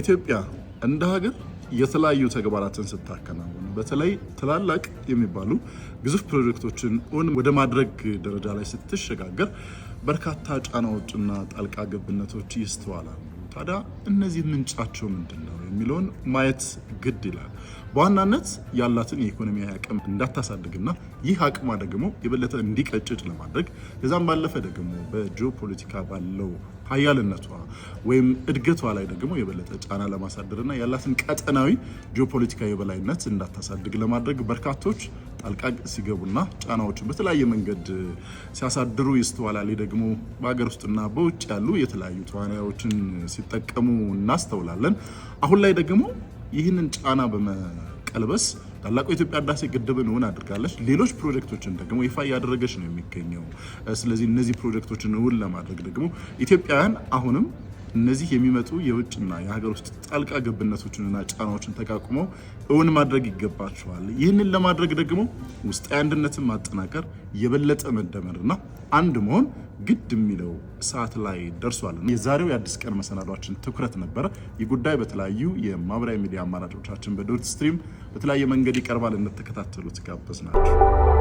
ኢትዮጵያ እንደ ሀገር የተለያዩ ተግባራትን ስታከናውን በተለይ ትላላቅ የሚባሉ ግዙፍ ፕሮጀክቶችን እውን ወደ ማድረግ ደረጃ ላይ ስትሸጋገር በርካታ ጫናዎችና ጣልቃ ገብነቶች ይስተዋላሉ። ታዲያ እነዚህ ምንጫቸው ምንድን ነው የሚለውን ማየት ግድ ይላል። በዋናነት ያላትን የኢኮኖሚ አቅም እንዳታሳድግና ይህ አቅሟ ደግሞ የበለጠ እንዲቀጭጭ ለማድረግ ከዛም ባለፈ ደግሞ በጂኦፖለቲካ ባለው ሀያልነቷ ወይም እድገቷ ላይ ደግሞ የበለጠ ጫና ለማሳደርና ያላትን ቀጠናዊ ጂኦፖለቲካዊ የበላይነት እንዳታሳድግ ለማድረግ በርካቶች ጣልቃ ሲገቡና ጫናዎችን በተለያየ መንገድ ሲያሳድሩ ይስተዋላል። ደግሞ በሀገር ውስጥና በውጭ ያሉ የተለያዩ ተዋናዮችን ሲጠቀሙ እናስተውላለን። አሁን ላይ ደግሞ ይህንን ጫና በመቀልበስ ታላቁ የኢትዮጵያ ህዳሴ ግድብን እውን አድርጋለች። ሌሎች ፕሮጀክቶችን ደግሞ ይፋ እያደረገች ነው የሚገኘው። ስለዚህ እነዚህ ፕሮጀክቶችን እውን ለማድረግ ደግሞ ኢትዮጵያውያን አሁንም እነዚህ የሚመጡ የውጭና የሀገር ውስጥ ጣልቃ ገብነቶችንና ጫናዎችን ተቃቁመው እውን ማድረግ ይገባቸዋል። ይህንን ለማድረግ ደግሞ ውስጣዊ አንድነትን ማጠናከር፣ የበለጠ መደመርና አንድ መሆን ግድ የሚለው ሰዓት ላይ ደርሷል። የዛሬው የአዲስ ቀን መሰናዷችን ትኩረት ነበረ። ይህ ጉዳይ በተለያዩ የማህበራዊ ሚዲያ አማራጮቻችን በዶት ስትሪም በተለያየ መንገድ ይቀርባል። እንደተከታተሉት ጋበዝ ናቸው።